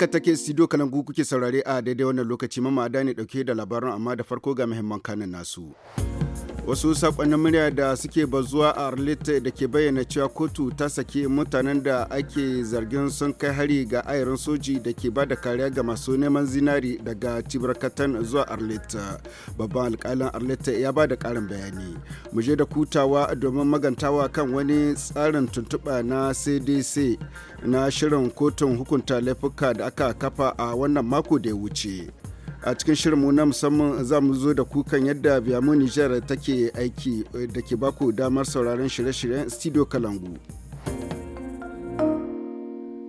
Haka take studio kalangu kuke saurare a daidai wannan lokaci mamada ne dauke da labaran amma da farko ga muhimman kanin nasu. wasu sakonnin murya da suke bazuwa a arlita da ke bayyana cewa kotu ta sake mutanen da ake zargin sun kai hari ga ayarin soji da ke bada da kariya ga masu neman zinari daga tibirkatan zuwa arlita babban alkalin arlita ya ba da karin bayani mu je da kutawa domin magantawa kan wani tsarin tuntuɓa na cdc na shirin kotun hukunta laifuka da aka kafa a wannan mako da ya wuce a cikin shirinmu na musamman za mu zo da kukan yadda biyamu nijar take aiki eh, da ke baku damar sauraron shirye-shiryen Studio Kalangu.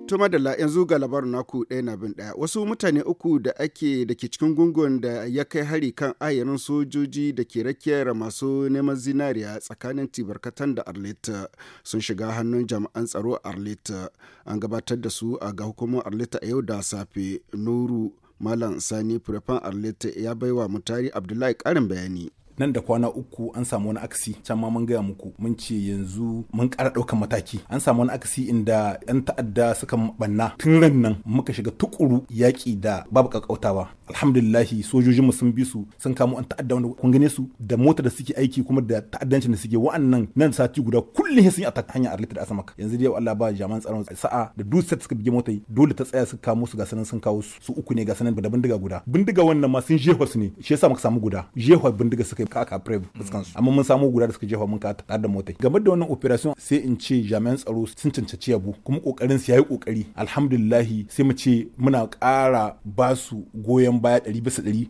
Tuma da la yanzu labarin naku ɗaya na bin ɗaya wasu mutane uku da ake da ke cikin gungun da ya kai hari kan ayarin sojoji da ke rakiyar masu neman zinariya tsakanin tibarkatan da arlita sun shiga hannun jami'an tsaro arlita an gabatar da su a ga hukumar arlita a yau da safe nuru Malam Sani Furefan Arleta ya bai wa mutari Abdullahi ƙarin bayani. nan da kwana uku an samu wani akasi can ma mun gaya muku mun ce yanzu mun kara ɗaukan mataki an samu wani akasi inda 'yan ta'adda suka banna tun ran nan muka shiga tukuru yaƙi da babu ƙaƙƙautawa alhamdulillahi sojojin mu sun bi su sun kamo an ta'adda wanda kun gane su da mota da suke aiki kuma da ta'addancin da suke wa'annan nan sati guda kullum sun yi a hanya a da asama yanzu dai Allah ba jaman tsaron sa'a da dusar suka bige mota dole ta tsaya suka kamo su ga sanan sun kawo su uku ne ga sanan da bindiga guda bindiga wannan ma sun jefa su ne shi yasa muka samu guda jefa bindiga suka ka ka prev fuskan su amma mun samu guda da suka jefa mun ka ta da mota game da wannan operation sai in ce jami'an tsaro sun cancanci yabo kuma kokarin su yayi kokari alhamdulillah sai mu ce muna ƙara ba su goyon baya ɗari bisa ɗari.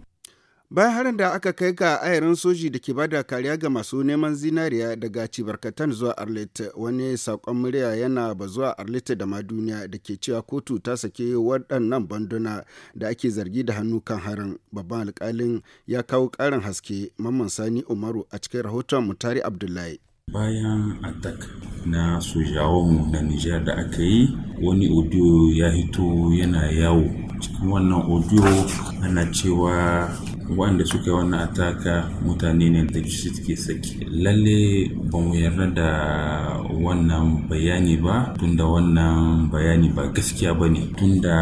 Bayan harin da aka kai ga ayarin soji da ke bada kariya ga masu neman zinariya daga cibarkatan zuwa Arlit wani saƙon murya yana ba zuwa Arlit da ma duniya da ke cewa kotu ta sake waɗannan banduna da ake zargi da hannu kan harin. Babban alƙalin ya kawo ƙarin haske Mamman Sani Umaru a cikin rahoton Mutari Abdullahi. bayan attack na sojawan na nijar da aka yi wani audio ya hito yana yawo cikin wannan audio ana cewa waɗanda suka yi wannan ataka mutane ne da suke saki lalle ba mu yarda da wannan bayani ba tunda wannan bayani ba gaskiya ba ne tunda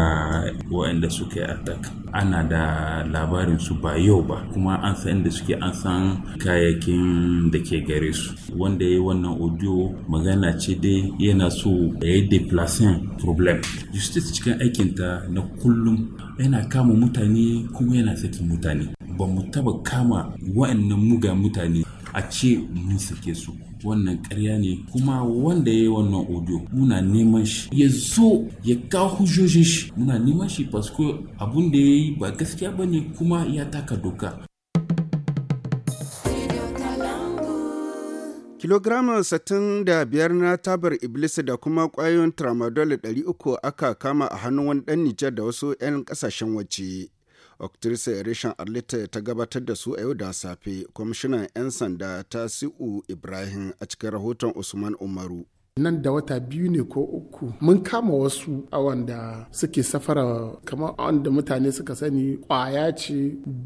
waɗanda suka yi ataka ana da labarin su ba yau ba kuma an san inda suke an san kayayyakin da ke gare su wanda ya yi wannan audio magana ce dai yana so ya yi deplacing problem justice cikin aikinta na kullum yana kama mutane kuma yana saki mutane ba mu taba kama wa'annan muga mutane a ce mun sake su wannan karya ne kuma wanda ya yi wannan audio muna neman shi ya zo ya kawo hujjojin shi muna neman shi pasko abun da ya yi ba gaskiya ba ne kuma ya taka doka kilogram 65 na tabar iblis da kuma kwayoyin tramadol 300 aka kama a hannun wani dan nijar da wasu 'yan kasashen waje Octrice Rishan Arlita ta gabatar da su a yau da safe, kwamishinan 'yan sanda Tasi'u Ibrahim a cikin rahoton Usman Umaru. nan da wata biyu ne ko uku mun kama wasu a wanda suke safara kamar wanda mutane suka sani kwaya ce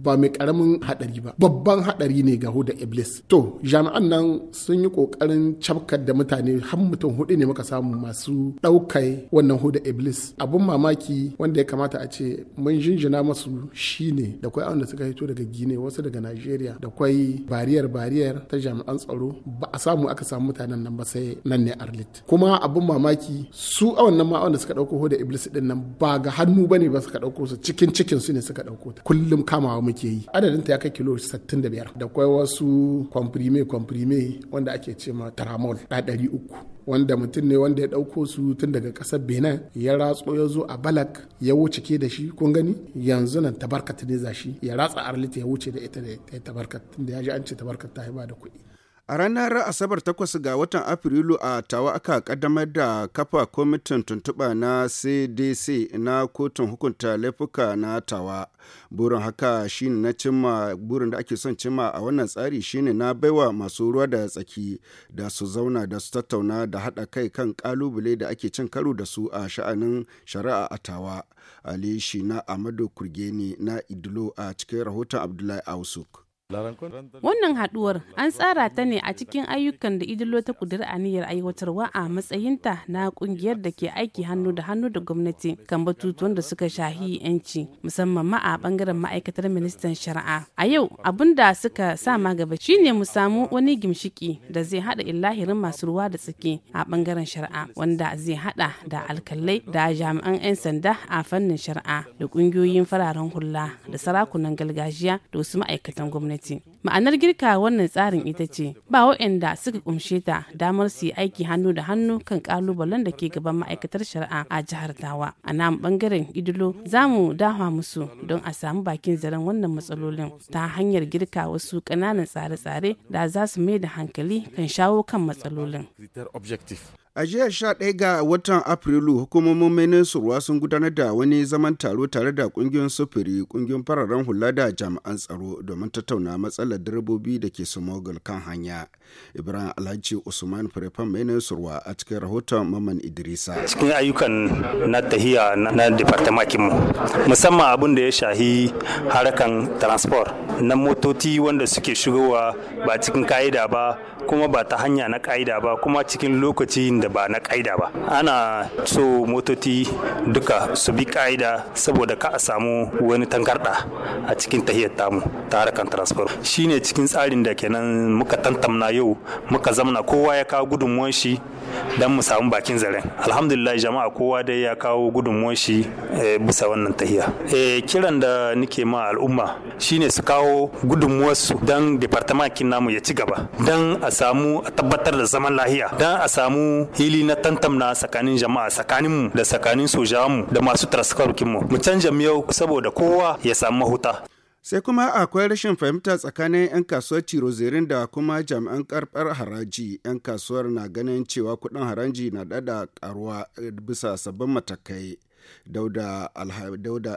ba mai karamin hadari ba babban hadari ne ga huda iblis to jami'an nan sun yi kokarin cafkar da mutane har mutum hudu ne muka samu masu daukai wannan huda iblis abun mamaki wanda ya kamata a ce mun jinjina masu shine da kwai wanda suka hito daga gine wasu daga nigeria da kwai bariyar bariyar ta jami'an tsaro ba a samu aka samu mutanen nan ba sai nan ne arli kuma abin mamaki su a wannan ma da suka dauko hoda iblis din nan ba ga hannu bane ba suka dauko su cikin cikin su ne suka dauko ta kullum kamawa muke yi adadin ta ya kai kilo 65 da kwai wasu comprime comprime wanda ake ce ma taramol da uku wanda mutum ne wanda ya ɗauko su tun daga ƙasar benin ya ratso ya zo a balak ya wuce ke da shi kun gani yanzu nan tabarkat ne za shi ya ratsa arlita ya wuce da ita da tabarkat tun da ya ji an ce tabarkat ta ba da kuɗi A ranar Asabar Takwas ga watan Afrilu a tawa aka kaddamar da kafa kwamitin tuntuɓa na CDC na kotun hukunta laifuka na tawa. Burin haka shine na cimma burin da ake son cimma a wannan tsari shine na baiwa masu ruwa da tsaki da su zauna da su tattauna da haɗa kai kan kalubale da ake cin karo da su a sha'anin shari'a a tawa. Ali Shina Amadu Kurgeni na Idlo a cikin rahoton Abdullahi Ausuk. Wannan haduwar an tsara ta ne a cikin ayyukan da idilo ta a aniyar aiwatarwa a matsayinta na ƙungiyar da ke aiki hannu da hannu da gwamnati kan batutuwan da suka shahi yanci musamman ma a ɓangaren ma'aikatar ministan shari'a. A yau abin da suka sa magaba gaba shine mu samu wani gimshiki da zai haɗa illahirin masu ruwa da tsaki a bangaren shari'a wanda zai haɗa da alkalai da jami'an 'yan sanda a fannin shari'a da ƙungiyoyin fararen hula da sarakunan gargajiya da wasu ma'aikatan gwamnati. gwamnati. Ma'anar girka wannan tsarin ita ce ba waɗanda suka kumshe ta damar su yi aiki hannu da hannu kan kalubalen da ke gaban ma'aikatar shari'a a jihar Tawa. A nan bangaren Idilo za mu dawa musu don a samu bakin zaren wannan matsalolin ta hanyar girka wasu ƙananan tsare-tsare da za su mai da hankali kan shawo kan matsalolin. A jiya 11 ga watan Afrilu hukumomin surwa sun gudanar da wani zaman taro tare da kungiyoyin sufuri, kungiyoyin fararen hula da jami'an tsaro domin tattauna matsalar direbobi da ke smuggle kan hanya. Ibrahim Alhaji Usman Firifan surwa a cikin rahoton Maman Idrisa. Cikin ayyukan na tahiya na departamakin mu musamman abin da ya shahi harakan transport na motoci wanda suke shigowa ba cikin ka'ida ba kuma ba ta hanya na ƙa'ida ba kuma cikin lokacin da ba na ƙa'ida ba ana so motoci duka su bi ƙa'ida saboda ka a samu wani tangarɗa a cikin tahiyar tamu ta harkar transport shine cikin tsarin da kenan muka tantamna yau muka zamna kowa ya kawo gudunmuwan shi don mu samu bakin zaren alhamdulillah jama'a kowa dai ya kawo gudunmuwar shi eh, bisa wannan tahiya eh, kiran da nike ma al'umma shine su kawo gudunmuwar su don departamentin namu ya ci gaba don a samu a tabbatar da zaman lahiya don a samu hili na tantam na tsakanin jama'a tsakanin mu da tsakanin sojawan mu da masu taskar mu mu canja miyau saboda kowa ya samu mahuta sai kuma akwai rashin fahimta tsakanin 'yan kasuwar tirozerin da kuma jami'an karbar haraji 'yan kasuwar na ganin cewa kudin haraji na dada karuwa eh, bisa sabbin matakai Dauda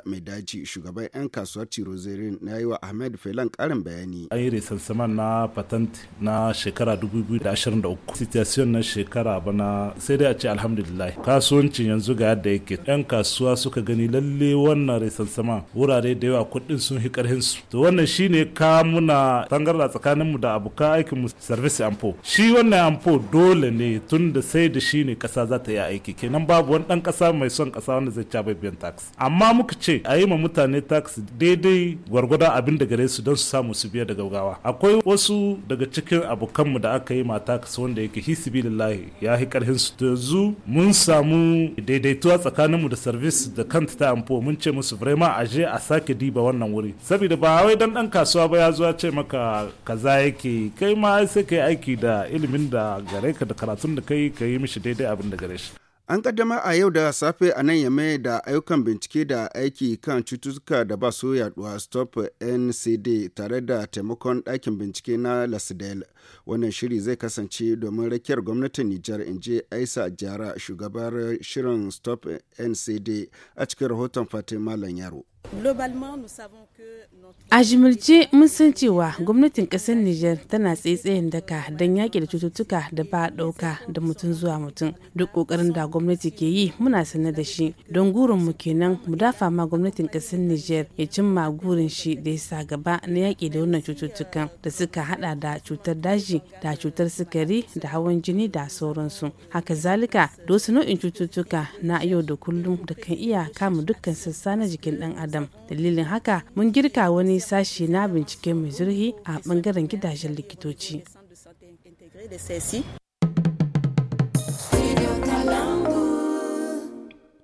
Mai Daji shugaban 'yan kasuwar Tirozerin na yi wa Ahmed Felan karin bayani. An yi resansaman na patent na shekara 2023. Situation na shekara bana sai dai a ce alhamdulillah. Kasuwancin yanzu ga yadda yake. 'Yan kasuwa suka gani lalle wannan resansama wurare da yawa kuɗin sun hi karhin su. To wannan shine ka muna tangarda tsakanin mu da abuka aikin mu service ampo. Shi wannan ampo dole ne tun da sai da shi ne ƙasa za ta yi aiki. Kenan babu wani dan kasa mai son kasa wanda zai ci biyan tax amma muka ce a yi ma mutane tax daidai gwargwadon abin da gare su don su samu su biya daga gaugawa akwai wasu daga cikin abokanmu da aka yi ma tax wanda yake hisibilillahi ya yi karhin su yanzu mun samu daidaituwa tsakaninmu da service da kanta ta amfo mun ce musu vraiment a je a sake diba wannan wuri saboda ba wai dan dan kasuwa ba ya zo ya ce maka kaza yake kai ma sai kai aiki da ilimin da gare ka da karatun da kai ka yi mishi daidai abin da gare shi An kaddama a yau da safe a nan yame da ayyukan bincike da aiki kan cututtuka da ba su yaduwa stop ncd tare da taimakon ɗakin bincike na lasdel wannan shiri zai kasance domin rakiyar gwamnatin nijar je aisa jara shugabar shirin stop ncd a cikin rahoton fatima lanyaro. A jimilce mun san cewa gwamnatin ƙasar Nijar tana tsaitsayin daka don yaƙi da cututtuka da ba a ɗauka da mutum zuwa mutum. Duk ƙoƙarin da gwamnati ke yi muna sanar da shi don gurin mu kenan mu dafa ma gwamnatin ƙasar Nijar ya cimma gurin shi da ya sa gaba na yaƙi da wannan cututtukan da suka haɗa da cutar daji da cutar sukari da hawan jini da sauransu. Haka zalika da wasu nau'in cututtuka na yau da kullum da kan iya kama dukkan sassa na jikin ɗan adam. adam dalilin haka mun girka wani sashi na bincike mai zurhi a bangaren gidajen likitoci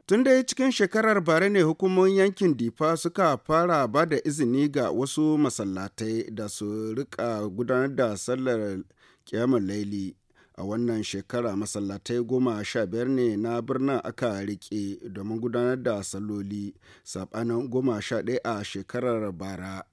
Tun dai cikin shekarar bare ne hukumomin yankin Difa suka fara ba da izini ga wasu masallatai da su rika gudanar da sallar kiyamar laili a wannan shekara masallatai goma sha biyar ne na birnin aka rike domin gudanar da saloli sabanin goma sha ɗaya a shekarar bara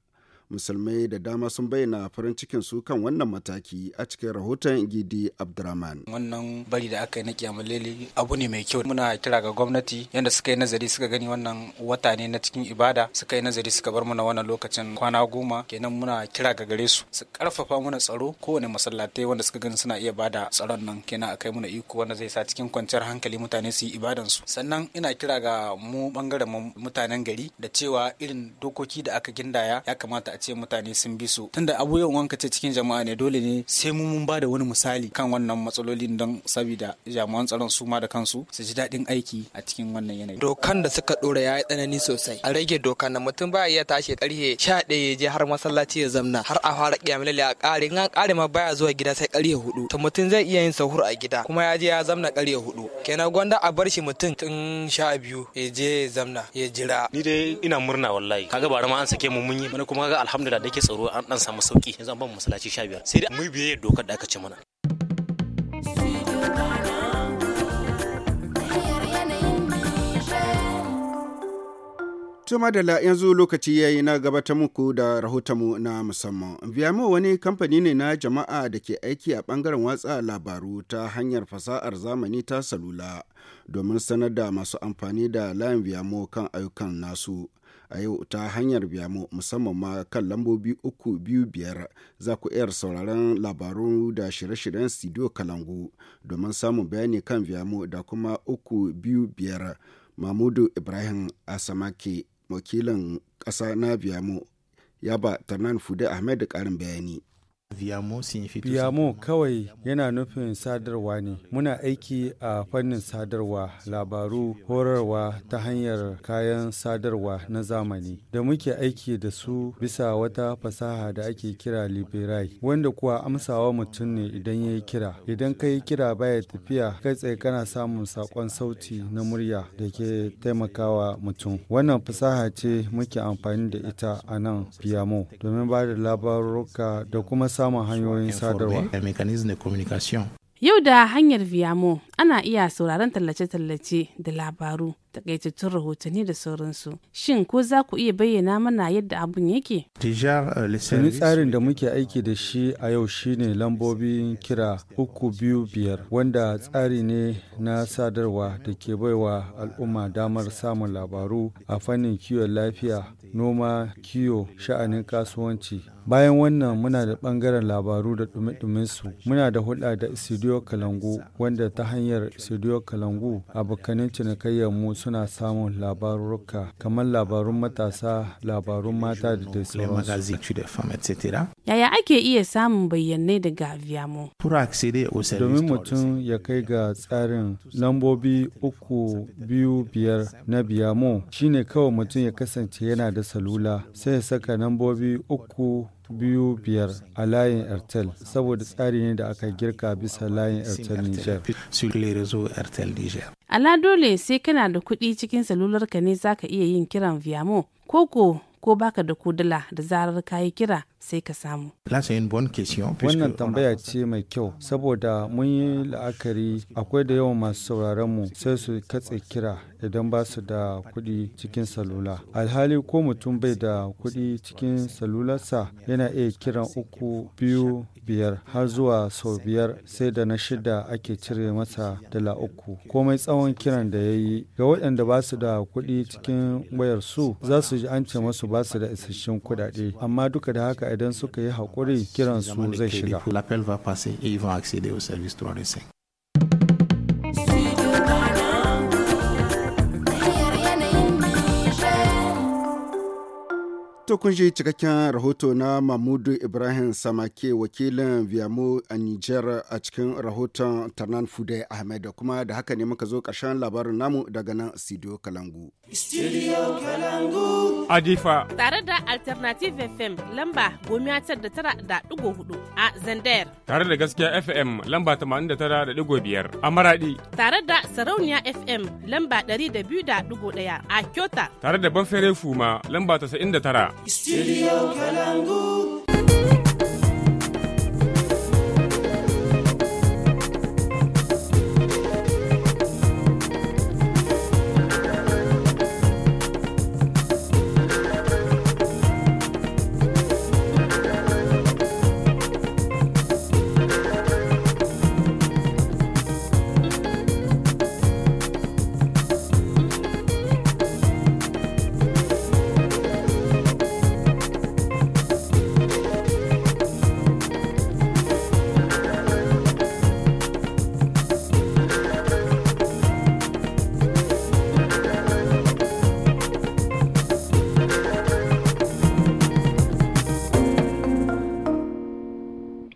musulmai da dama sun bayyana farin cikin su kan wannan mataki a cikin rahoton gidi abdurrahman wannan bari da aka yi na kiyamalele abu ne mai kyau muna kira ga gwamnati yadda suka yi nazari suka gani wannan wata ne na cikin ibada suka yi nazari suka bar mana wannan lokacin kwana goma kenan muna kira ga gare su su karfafa mana tsaro kowane masallatai wanda suka gani suna iya bada tsaron nan kenan kai muna iko wanda zai sa cikin kwanciyar hankali mutane su yi ibadan su sannan ina kira ga mu bangaren mutanen gari da cewa irin dokoki da aka gindaya ya kamata a ce mutane sun bi su tunda abu yawan wanka ce cikin jama'a ne dole ne sai mu mun bada wani misali kan wannan matsalolin don sabida jami'an tsaron su ma da kansu su ji daɗin aiki a cikin wannan yanayi. Dokan da suka ɗora ya yi tsanani sosai. A rage dokan na mutum ba iya tashi ƙarfe sha ɗaya ya je har masallaci ya zamna har a fara ƙiyamilali a ƙare in an ƙare ma baya zuwa gida sai ƙarfe hudu. To mutum zai iya yin sahur a gida kuma ya je ya zamna ƙarfe hudu. Kenan gwanda a bar shi mutum tun sha biyu ya je ya zamna ya jira. Ni dai ina murna wallahi. Kaga bara ma an sake mu mun mana kuma kaga alhamdulillah da yake tsaro an dan samu sauki yanzu an ba mu masallaci 15 sai dai mu biye dokar da aka ce mana Tuma yanzu lokaci ya yi na gabatar muku da rahotonmu na musamman. Viyamo wani kamfani ne na jama'a da ke aiki a bangaren watsa labaru ta hanyar fasahar zamani ta salula domin sanar da masu amfani da layin biyamo kan ayyukan nasu. a yau ta hanyar biya mu musamman ma kan lambobi uku biyu biyar za ku iya sauraron labarun da shirye-shiryen studio kalangu domin samun bayani kan biya mu da kuma uku biyu biyar mamudu ibrahim asamake wakilin ƙasa na biya mu ya ba tarnan fude ahmed ƙarin bayani Viyamo kawai yana nufin sadarwa ne. Muna aiki a fannin sadarwa, labaru, horarwa ta hanyar kayan sadarwa na zamani da muke aiki da su bisa wata fasaha da ake kira Liberai, wanda kuwa amsawa mutum ne idan ya yi kira. Idan ka yi kira baya tafiya, kai tsaye kana samun sakon sauti na murya da ke taimakawa mutum. Wannan fasaha ce muke amfani da ita a nan Viyamo domin ba da labaruka da kuma samun hanyoyin sadarwa. Yau da hanyar viamo ana iya sauraron tallace-tallace da labaru takaitattun rahotanni da sauransu shin ko za ku iya bayyana mana yadda abun yake eh, tuni tsarin da muke aiki da shi a yau shine lambobin kira uku biyu biyar wanda tsari ne na sadarwa da ke baiwa al'umma damar samun labaru a fannin kiwon lafiya noma kiwo sha'anin kasuwanci bayan wannan muna da bangaren labaru da dumi su muna da hulɗa da studio kalangu wanda ta hanyar hanyar studio kalangu abokanin cinikayyar mu suna samun labaruka kamar labarun matasa labarun mata da dai sauransu yaya ake iya samun bayyanai daga aviamo domin mutum ya kai ga tsarin lambobi uku biyu biyar na biyamo shine kawai mutum ya kasance yana da salula sai ya saka lambobi uku biyu biyar a layin airtel saboda tsari ne da aka girka bisa layin airtel niger ala dole sai kana da kuɗi cikin salularka ne zaka iya yin kiran viamo koko ko baka da kudula da zarar kayi kira sai ka samu. Wannan tambaya ce mai kyau saboda mun yi la'akari akwai da yawan masu sauraron mu sai su katse kira idan ba su da kuɗi cikin salula. Alhali ko mutum bai da kuɗi cikin salularsa yana iya kiran uku biyu biyar har zuwa sau biyar sai da na shida ake cire masa dala uku komai tsawon kiran da ya yi ga waɗanda ba su da kuɗi cikin wayar su za su ji an ce masu ba su da isasshen kuɗaɗe amma duka da haka idan suka yi haƙuri kiransu zai shiga. To kun ji cikakken rahoto na Mahmudu Ibrahim Samake wakilin Viamo a Niger a cikin rahoton Tarnan Fude Ahmed kuma da haka ne muka zo karshen labarin namu daga nan Studio Kalangu. Adifa. Tare da Alternative FM lamba gomiya tar da tara da ɗigo hudu a zander Tare da gaskiya FM lamba tamanin da tara da ɗigo biyar a Maradi. Tare da Sarauniya FM lamba dari da biyu da ɗigo daya a Kyota. Tare da Banfere Fuma lamba tasa'in da tara Studio Kalangu.